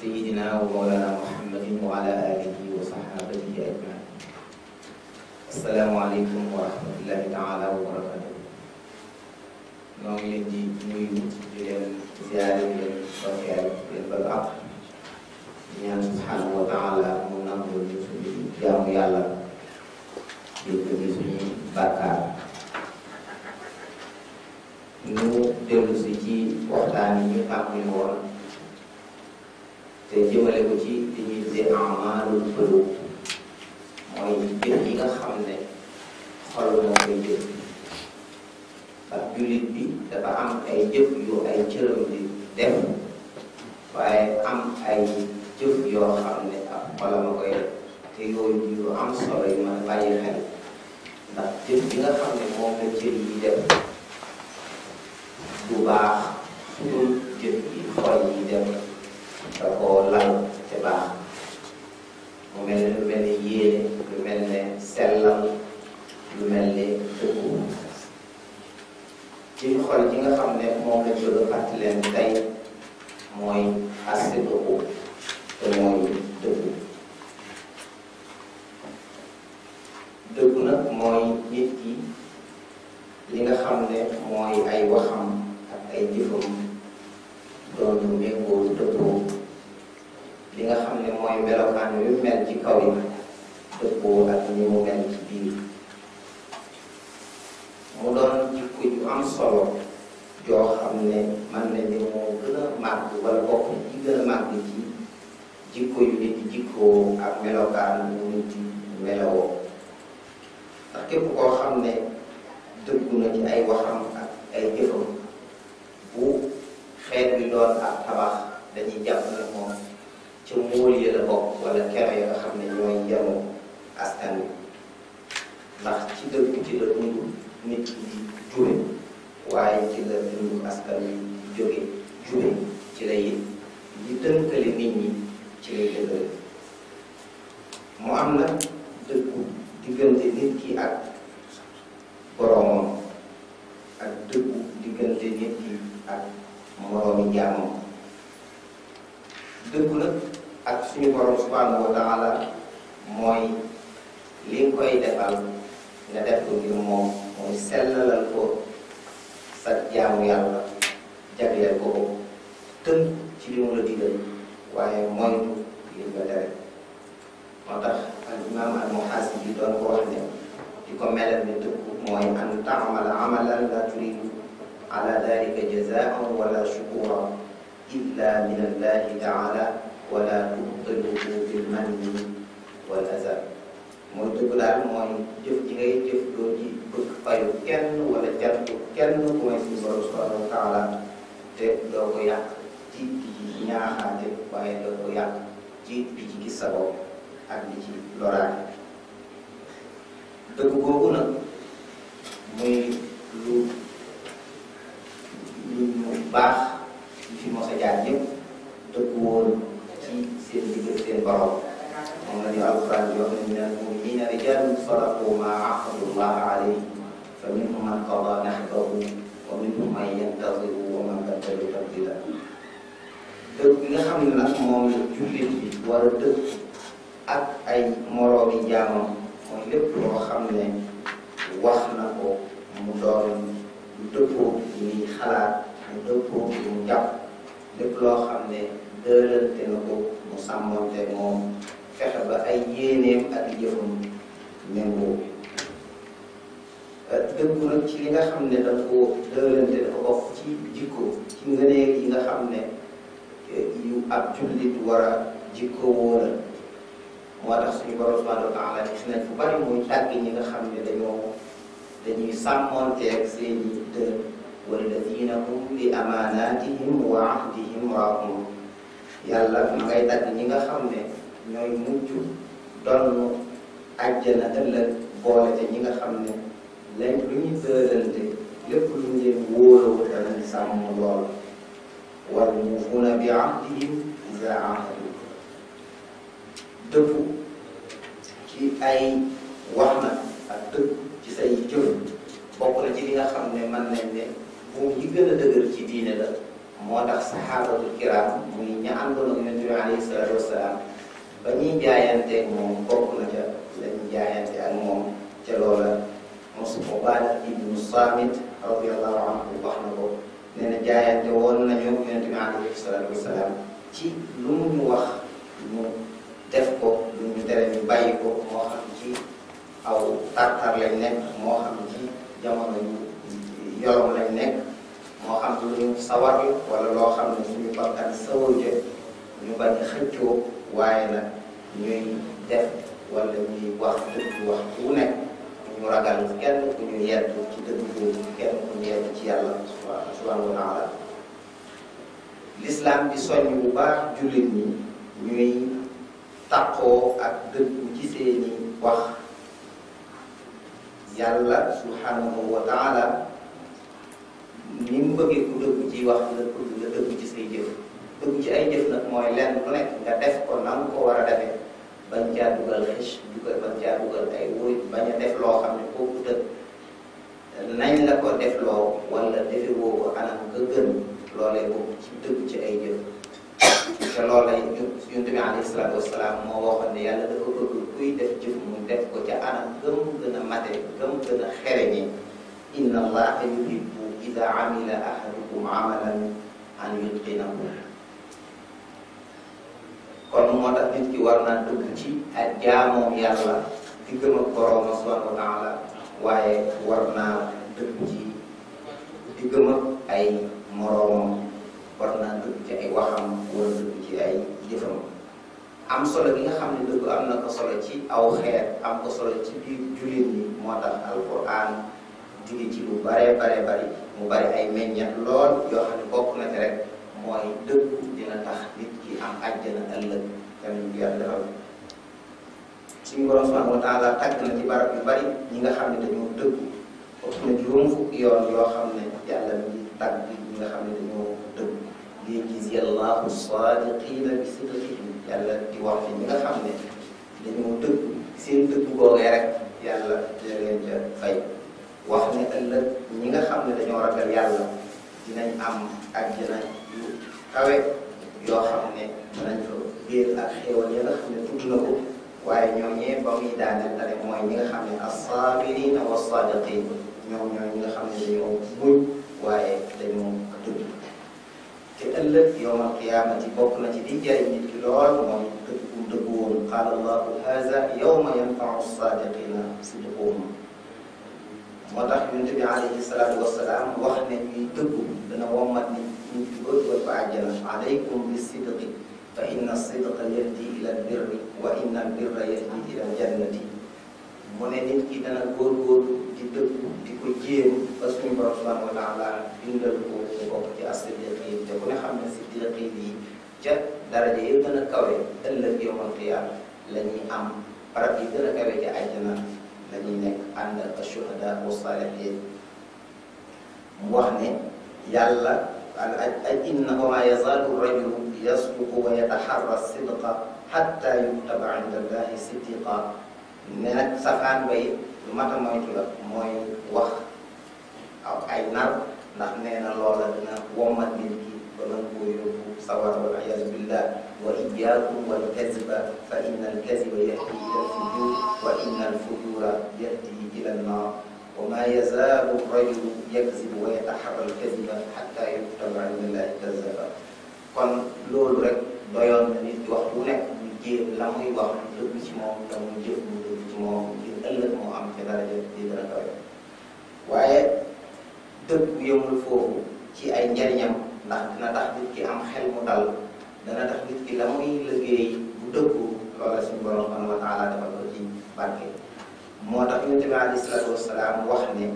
سيدنا ومولانا محمد وعلى اله وصحابته اجمعين. السلام عليكم ورحمه الله تعالى وبركاته. نعم يدي نوي جيل زيارة جيل في جيل بالعطف نعم سبحانه وتعالى منام بالجسد يام يالا جيل بالجسد بكار نو جيل سيجي وقتاني يتعمل ورد te jëmale ko ci li ñuy tuddee amalul qulub mooy jëf nga xam ne xol moo koy jëf ak jullit bi dafa am ay jëf yu ay cëram di def waaye am ay jëf yoo xam ne ak xolam a koy te yooyu yu am solo yu mën a bàyyi xel ndax jëf bi xam ne moom la cër yi def bu baax su jëf yi xol yi da koo lal te baax mu mel ne lu mel ni yéene lu mel ne sellal lu mel ne dëggu ji nga xam ne moom lañ bëgg a mooy as-sidqu te mooy dëggu dëggu nag mooy nit ki li nga xam ne mooy ay waxam ak ay jëfam doon lu méngoo dëgg ay melokaan yu mel ci kaw yi dëppoo ak ñi mel ci biir mu doon jikko ju am solo joo ne man nañu moo gën a màgg wala bokk ci gën a ci jikko yu nit jikkoo ak melokaan yu melowoo ndax képp koo xam ne dëggu ci ay waxam ak ay jëfam bu xeet bi doon ak tabax dañuy jàpp ne moom ci móol yi la bokk wala kero yi nga xam ne ñooy yenu askan wi ndax ci dëgg ci la dund nit ki di waaye ci la dund askan wi jóge jure ci lay li tënkale nit ñi ci lay dëgëre mu am na dëggu diggante nit ki ak boroomam ak dëggu diggante nit ki ak moroomi jaamam dëggu nag ak suñu borom subhanahu wa taala moy li koy defal nga def ko ngir mom moy sellalal ko sa jaamu yàlla jagleel ko tënk ci li mo la digal waye moy li nga tere motax al imam al muhaasib bi doon ko wax ne di ko melal ni tëkku moy an ta'mal amalan la turidu ala dalika jazaan wala shukura illa min allahi taala wala tubtiluhu bil manni wal azar mooy dëgg daal mooy jëf ji ngay jëf doo ji bëgg fayu kenn wala jartu kenn ku may suñu borom subhanahu wa taala te doo ko yàq ci di ci ñaaxaate waaye doo ko yàq ci di ci gis sa bopp ak di ci loraate dëgg googu ne dëlante na ko mu sàmmonte moom fexe ba ay yéeneem a jëfam méngoo euh, dëggu nag ci li nga xam ne dafa ko dëlante dafa bokk ci jikko ci ngëneel yi nga xam ne euh, yu ab jullit war a jikko wóola moo tax suñu borom subhanahu wa taala gis nañ bari muy tàgg ñi nga xam ne dañoo dañuy sàmmonteeg seen i dël والذين هم لأماناتهم وعهدهم راعون يلا ما مقيدة تاد نيغا خامني نوي موجو دونو اجنا دال بولا تي نيغا لين لوني تيرنت ليپ وولو دال سام لول والموفون بعهدهم اذا عهدوا دبو كي اي واخنا ak deug ci say jëm bokku na ci moom yi gën a dëgër ci diine la moo tax saxaabatul kiraam muy ña àndoon ak yonent bi alayhi salaatu wasalaam ba ñuy jaayanteeg moom bokk na ca lañ jaayante moom ca loola mos Ubaada ibnu Saamit radiyallahu anhu wax na ko nee na jaayante woon nañu yonent bi alayhi salaatu ci lu mu ñu wax ñu def ko lu ñu tere ñu bàyyi ko moo xam ci aw tartar lañ nekk moo xam ci jamono yu yorom lañ nekk moo xam suñu sawar yi wala loo xam ne suñu bakkan sawuje ñu bañ xëccoo waaye nag ñuy def wala ñuy wax dëgg wax bu nekk ñu ragal kenn ku ñu yedd ci dëgg boobu kenn ku ñu yedd ci yàlla subhanahu wa taala l'islam soññ bu baax jullit ñi ñuy taqoo ak ci seeni wax yàlla subhanahu wa taala ni mu bëggee ku dëgg ci wax la ku la dëgg ci say jëf dëgg ci ay jëf nag mooy lenn lu nekk nga def ko na ko war a defee bañ caa dugal xëcc dugal bañ caa dugal ay wuy bañ a def loo xam ne kooku dëgg nañ la ko def loo wala defe woo ko anam nga gën loolee bokk ci dëgg ci ay jëf te loolu lay yonent bi alayhi salaatu wasalaam moo waxoon ne yàlla dafa bëgg kuy def jëf mu def ko ca anam gëm gën a mate gëm gën a xereñe inna allaha yuhibbu idza amila ahadukum amalan an yutqinahu kono modat nit ki warna dugg ci ak jaamu yàlla di gëm ak borom subhanahu wa ta'ala waaye war naa dëgg ci diggam ak ay moroomam war naa ci ay waxam wala ci ay jëfam am solo gi nga xam ne am na ko solo ci aw am ko solo ci biir jullit ñi moo tax alquran dige ci lu bare bare bari mubari bari ay meññat ya. lool yoo xam ne bokk na ci rek mooy dina tax nit ki am àjjana ëllëg tamit kan bi yàlla defal suñu borom subhanahu wa taala tàgg na ci barab yu bari ñi nga xam ne dañoo dëggu ëpp na juróom fukki yoon yoo xam ne ya mi ngi tàgg ñi nga xam ne dañoo dëggu lii gis yàllaahu saadiqiina bi sidqihim yàlla ya di wax fi ñi nga xam ne dañoo seen dëggu googee rek yàlla yàlla dinañ am àjjana yu kawe yoo xam ne danañ fa biir ak xéewal ya nga xam ne tudd na ko waaye ñoom ñee ba muy daaneel tamit mooy ñi nga xam ne assaabirina wa saadiqin ñoom ñooy ñi nga xam ne dañoo muñ waaye dañoo tudd te ëllëg yowmal qiyaamati bokk na ci di jëriñ nit ki lool mooy dëggu dëggu woon qaala allahu haza yowma yanfau saadiqina sidquhum moo tax yonent bi alayhi salaatu wasalaam wax ne ñuy dëggu dana wommat nit ñi ci góor ko àjjana alaykum bi sidqi fa inna sidqa yahdi ila albirri wa inna albirra yahdi ila aljannati mu ne nit ki dana góorgóorlu di dëggu di ko jéem ba suñu borom subhanahu wa taala bindal ko mu bokk ci as-siddiqin te ku ne xam ne siddiqin yi ca daraja yi gën a kawe ëllëg yowmal qiyaama la ñuy am barab yi gën a kawe ci àjjana لينك عند الشهداء والصالحين وحني يلا إنما يزال الرجل يصدق ويتحرى الصدق حتى يكتب عند الله صديقا نات سخان بي ما تموي تلا موي وخ أو أي نار نحن نالولا نا ومن سواء والعياذ بالله وإياكم والكذب فإن الكذب يهدي إلى الفجور وإن الفجور يهدي إلى النار وما يزال الرجل يكذب ويتحرى الكذب حتى يكتب عند الله كذابا kon loolu rek doyoon na nit waxtu nekk mu jéem la muy wax dëgg ci moom te mu jëf mu dëgg ci moom ngir ëllëg moo am ci daraja di gën a doy waaye dëgg yëmul foofu ci ay njariñam ndax dina tax nit ki am xel mu dal dana tax nit ki la muy liggéey bu dëggu loola suñu borom subhanahu wa taala dafa ko ci barke moo tax yonte bi alayhi salatu wasalaam wax ne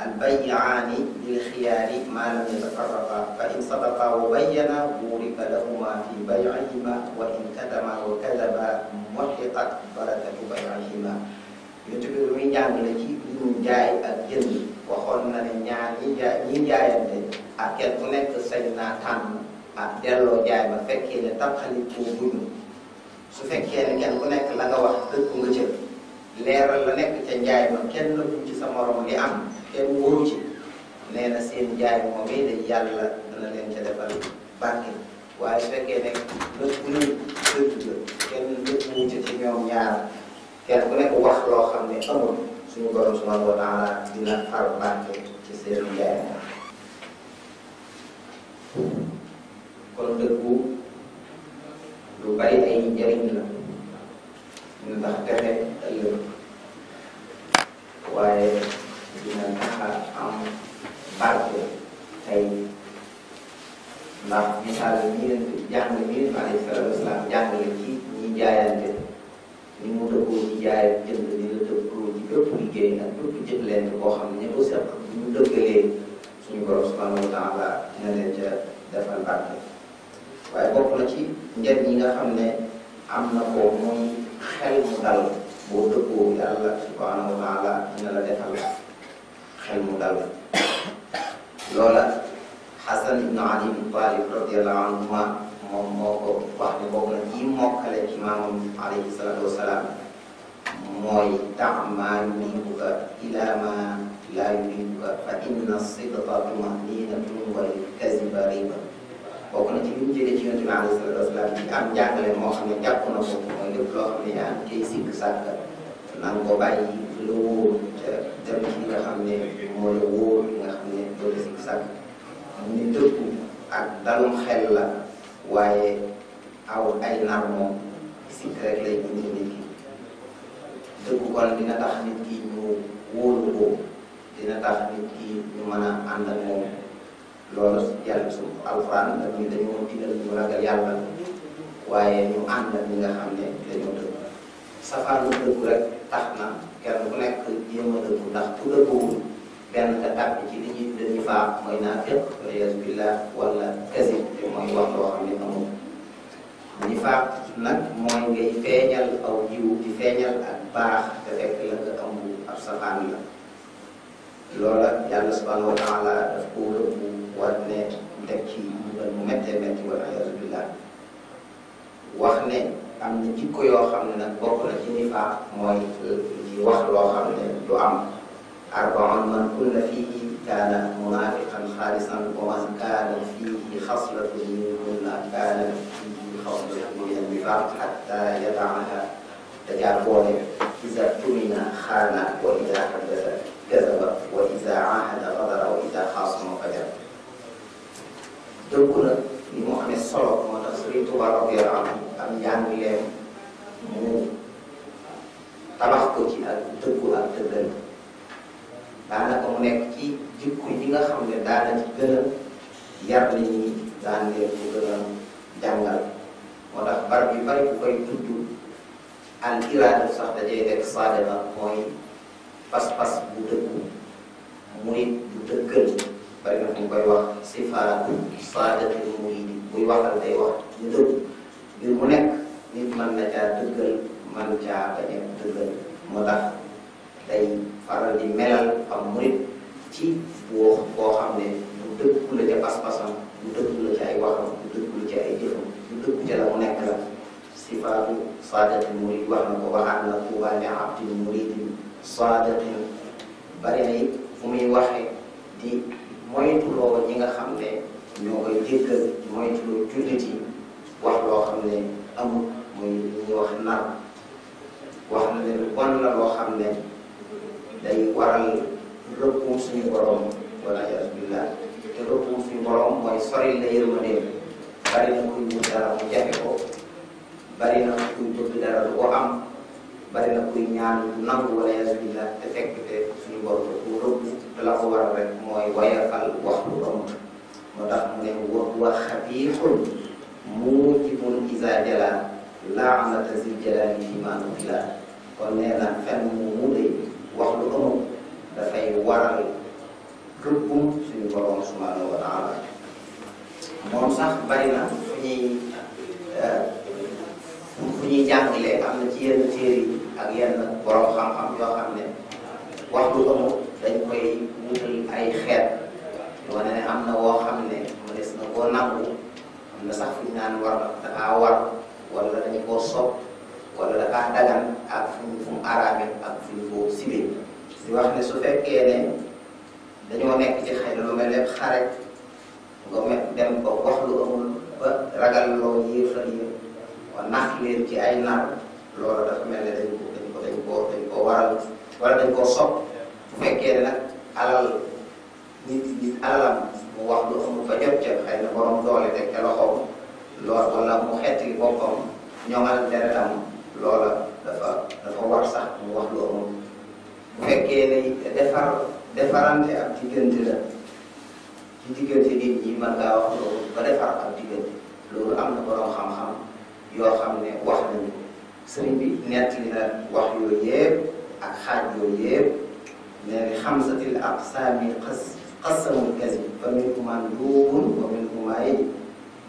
al bayiaani lil xiyaari maa lam yatafarraqa fa in sadaqa wa bayyana burika lahuma fi bayihima wa in kadama wa kadaba muxiqat barakatu bayihima yonte bi muy jàngale ci li jaay ak jënd waxoon na ne ñaar ñi jaay ñi jaayante อาจเจกของแรกคือสยนาธรรมปัจเจโลใหญ่มาเฟกเคนตั้งคันปูบุญสุเฟกเคนอันแรกนองแรกคืลังกวาตึกุงเจิแล้วละแรกคือใหญ่มาเคนลุจิสมรมเีอัมเคนบูรจิเนนัสินใหญ่มาเมีเดียลละเั่นเองจะได้บารบังคับว่าสุเฟกเคนลุกุลตึกุเคนลุกุจิที่มีองยาเคนคนแรกวัชโลคำเนยต้องมุ่สุนุบารุสมารุนาลาดินาฟาร์บางคับที่เซรุให nekk koo xam ne ñëpp seq ñu dëggalee suñu borom subhanahu wa taala dina leen ca defal barke waaye bokk na ci njariñ yi nga xam ne am na ko mooy xel mu dal boo dëppoo yàlla subhanahu wa taala dina la defal xel mu dal loola Xasan ibnu Ali ibnu Taalib radiyallahu anhuma moom moo ko wax ne bokk na ci mokkale ci maamam alayhi salaatu wasalaam mooy taamaa minka ilaa maa laa yuhibbuka fa inna sidqa tumaninatun wal kaziba na ci li ñu jëlee ci yonent bi alayhi salaatu wasalaam ci am njàngale moo xam ne jàpp na ko mooy lépp loo xam ne yaa ngi koy sikk sàkk na nga ko bàyyi lu wóor te dem ci li nga xam ne moo la wóor li nga xam ne doo la sikk sàkk mu ni dëggu ak dalum xel la waaye aw ay nar moom sikk rek lay indi nit ki tubuhal dina tahnit ki ñu wóolu ko dina tax nit ki ñu mën a ànd ak moom loolu yàlla su alquran daf ñu dañoo digal ñu ragal yàlla waaye ñu ànd ak ñi nga xam ne dañoo dëgg safaanu dëgg rek tax na kenn ku nekk jéem a dëgg ndax ku dëgguwul benn nga tàpp ci wala yasbillah wala kasi te mooy wax loo nag mooy ngay feeñal aw jiw di ak baax te fekk la nga amul ab la loola yàlla subhanahu wa taala war ne teg ci mbugal mu méttee métti wal iyaazu billah wax ne am na jikko yoo xam ne nag bokk na ci nifaax mooy di wax loo xam ne du am arbaun man kunna fiihi kaana munaafiqan xaalisan wa man kaana fiihi xaslatun minhunna kaana فضله من النفاق حتى يدعها يجعلها إذا اؤتمن خان وإذا حدث كذب وإذا عاهد غدر وإذا خاصم فجر donc nag ni mu amee solo moo tax Sëriñ Tuubaa radiyallaahu anhu am njàng leen mu tabax ko ci ak dëggu ak dëggal daanaka mu nekk ci jikko yi nga xam ne daana ci gën a yar nit Adama mooy pas-pas bu dëggu murit bu dëggal bari na mu koy wax sifaatu saadatul murid buy waxal day wax ñu dëggu mbir mu nekk nit mën na caa dëggal mën caa bañ a dëggal moo tax day faral di melal am murit ci boo boo xam ne bu dëggu la ca pas-pasam bu dëggu la ca ay waxam bu dëggu la ca ay jëfam bu dëggu ca la mu nekk la صفات صادة المريد وحنا وضعنا القوة لعبد المريد صادة بريني فمي وحي دي مويد لو نيغا خامل نيوغي ديكل مويد لو جلدتي وحنا لو خامل أمو مويد لو خامل وحنا لو خامل لو خامل داي وراني ربو سني وروم ولا يعز بالله ربو سني وروم ويصري اللي يرمني بريني مويد لو خامل bari na kuy bëgg dara du ko am bari na kuy ñaan nangu wala yasubillah te fekk te suñu borom ko rob te la ko waral rek mooy wayafal wax lu amut moo mu ne wa huwa xabiixul muujibun isa jala laanata tazijala jalaali imaanu bila kon ne na fen mu muude wax lu da fay waral rëbbum suñu borom subhanahu wa taala mom sax bari na fu ñuy fu ñuy am na ci yenn téere yi ak yenn borom xam-xam yoo xam ne waxtu dañ koy wutal ay xeet wane ne am na woo xam ne mënees na koo nangu am na sax fu ñu naan war na dakaa war wala sibin, koo sopp wala dakaa dagan ak fu fu mu araame ak fu ñu koo di wax ne su fekkee ne dañoo nekk ci xëy lu mel lépp xare nga dem ko wax lu amul ba ragal loo yéefar yëpp ma nax leen ci ay nar loolu dafa mel ne dañ ko dañ ko dañ koo dañ koo waral wala dañ koo sopp bu fekkee ne nag alal nit nit alalam mu wax lu amul fa jot ca xëy lool wala mu wax lu amul bu fekkee ne defar defarante ab diggante la ci diggante nit ñi mën ngaa wax loolu ba defar ab diggante loolu am na borom xam-xam yoo xam ne wax nañu sëriñ bi nettali na wax yooyu yëpp ak xaaj yooyu yëpp nee na xamsatil aqsaami qas qasamul kasib fa minhum mandubun wa minhum ay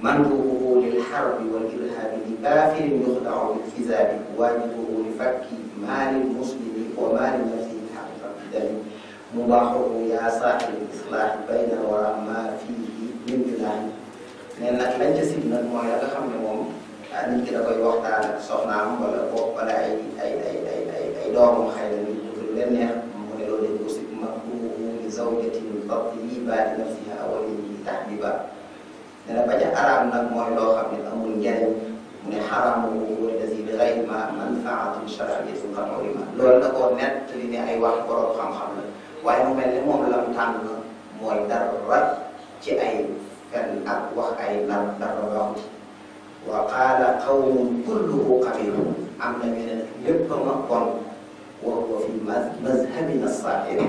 mandubuhu lil harbi wal irhabi li kaafirin yuxdacu bil kizaabi waajibuhu li fakki maalil muslimi wa maali nafsihi xaqiqati dami mubaaxuhu yaa saaxibil islaaxi bayna wa maa نرغب وقال قوم كله قبيح عمنا من يبرمقون وهو في مذهبنا الصحيح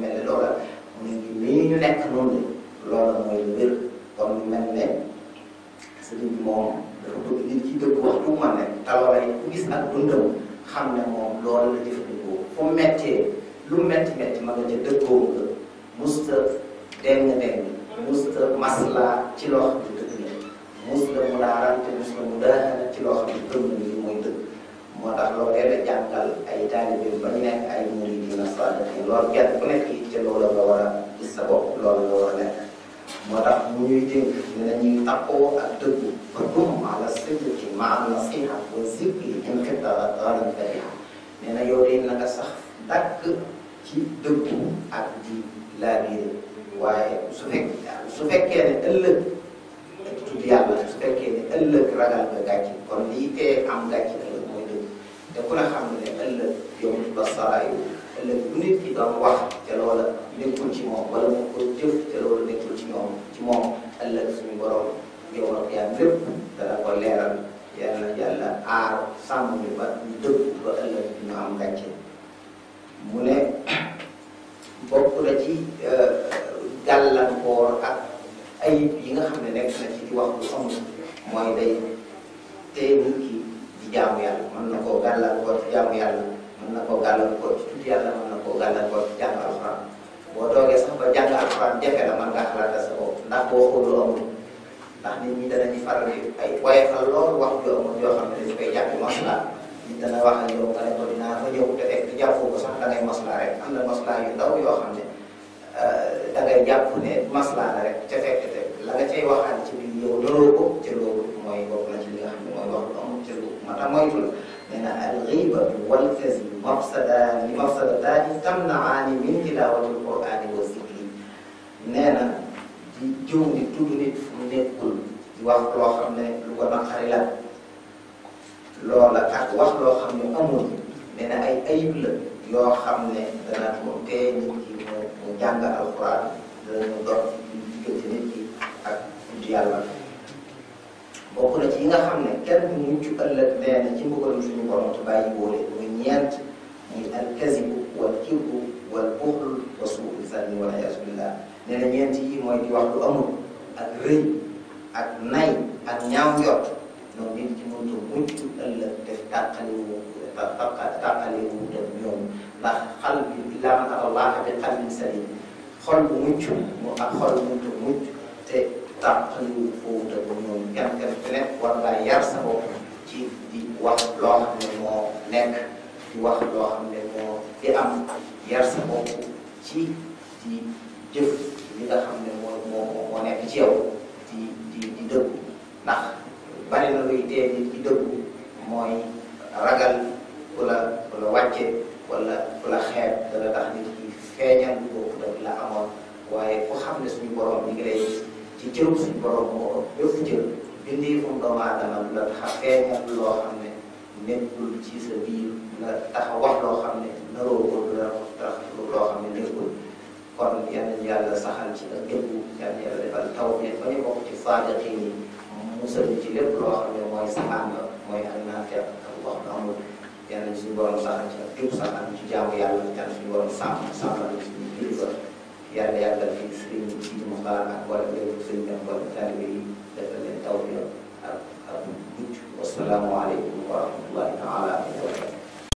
من اللغة من مين نكنون لولا ما يدير قوم من لا سيدي مام رتب لي كده بوحده ما لا تلوا لي كويس أبندم خمنا مام لولا اللي تفرقه فمتى لو مت مت ما جد دكتور مستر دين دين مستر مسلا تلوخ mus la mu laaraan te mus la mu daaxana ci loo xam ne gëm na lii mooy dëgg moo tax loolee la jàngal ay taalibe ba ñu nekk ay muridiina saadiqiin loolu kenn ku nekk it te loolu la a gis sa bopp loolu la war a nekk moo tax mu ñuy ne nañuy taqoo ak dëggu ba dum ala sidqi maa nasiha wa zikri inqita daran fariha nee na yow de na nga sax dàkk ci dëggu ak di laabiire waaye su fekk su fekkee ne ëllëg tudd yàlla su fekkee ne ëllëg ragal nga gàcce kon lii tee am gàcce ëllëg mooy dëgg te ku ne xam ne ëllëg yow ba saraayu ëllëg bu nit ki doon wax te loola nekkul ci wala mu ko jëf te loola nekkul ci moom ci moom ëllëg suñu borom yow ak yaa lépp dana ko leeral yàlla yàlla aar sàmm ñu ba ñu dëgg ba ëllëg ñu am gàcce mu ne bokk na ci euh, gàllankoor ak. ayib yi nga xam ne nekk na ci wax bu amul mooy day téye nit ki di jaamu yàlla mën na koo gàllankoor ci jaamu yàlla mën na koo gàllankoor ci tudd yàlla mën na koo gàllankoor ci jàng alxuraan boo toogee sax ba jàng alxuraan jafe la mën ngaa xalaat sa bopp ndax boo waxul lu amul ndax nit ñi danañu faral di ay woyefal loolu wax ju amul yoo xam ne dañu koy jàpp maslaa nit dana wax ak yow nga ne ko dinaa fa ñëw te fekk jàppoo ko sax dangay maslaa rek am na maslaa yu ndaw yoo xam ne euh, dangay jàpp ne maslaa la rek te fekk la nga cay waxtaan ci biir yow naroo ko ca loolu mooy bokk na ci li nga xam ne mooy wax lu amul ca loolu moo tax moytu la nee na al ghiba wal kazi mafsadani mafsadataani tamnaani min tilaawatil qur'aani wa zikri nee na di jëw di tudd nit fu mu nekkul wax loo xam ne lu ko la loola ak wax loo xam ne amul nee ay ayib la yoo xam ne dana ko tee nit ki mu jàng alquran dana mu ci diggante ak tudd yàlla bokk na ci yi nga xam ne kenn du mucc ëllëg benn ci mbugalum suñu borom te bàyyi boole muy ñeent muy alkazibu wal kibru wal buxlu wa suuxu zanni wala yasubillah nee na ñeent yi mooy di wax lu amul ak rëy ak nay ak ñaaw njort ñoom nit ci mënta mucc ëllëg def tàqaliwu tàqaliwu def ñoom ndax xal bi illaa man atallah bi qalbin salim xol bu mucc mu ak xol bu mucc te tàqalu fóota ba ñoom kenn kenn ku nekk war ngaa yar ci di wax loo xam ne moo nekk di wax loo xam ne moo di am yar sa bopp ci di jëf li nga xam ne moo moo nekk ci yow di di di dëggu ndax bari na luy tee nit di dëggu mooy ragal ku la ku la wàcce wala tax nit ki feeñal lu bokk la amoon waaye ku xam ne suñu borom mi ngi lay ci cëru suñ borom moo ko bépp cër bindeefum doomu aadama du la tax a feeñal loo xam ne nekkul ci sa biir du la tax a wax loo xam ne naroo ko du la tax loo xam ne nekkul kon yal nañu yàlla saxal ci ak dëggu yal na yàlla defal taw bi ba ñu bokk ci saadiqiin yi musal ci lépp loo xam ne mooy saxaan la mooy ak naafeq ak wax lu amul yal nañu suñu borom saxal ci ak jub saxal ci jaamu yàlla yal na suñu borom sàmm sàmmal suñu kilifa yàlla yàlla fi sëriñ Sidi Mokhtar ak wala njëriñ sëñ bi ak wala taalibe yi defal leen tawfiq ak ak mucc wasalaamualeykum wa rahmatullahi taala wa barakatu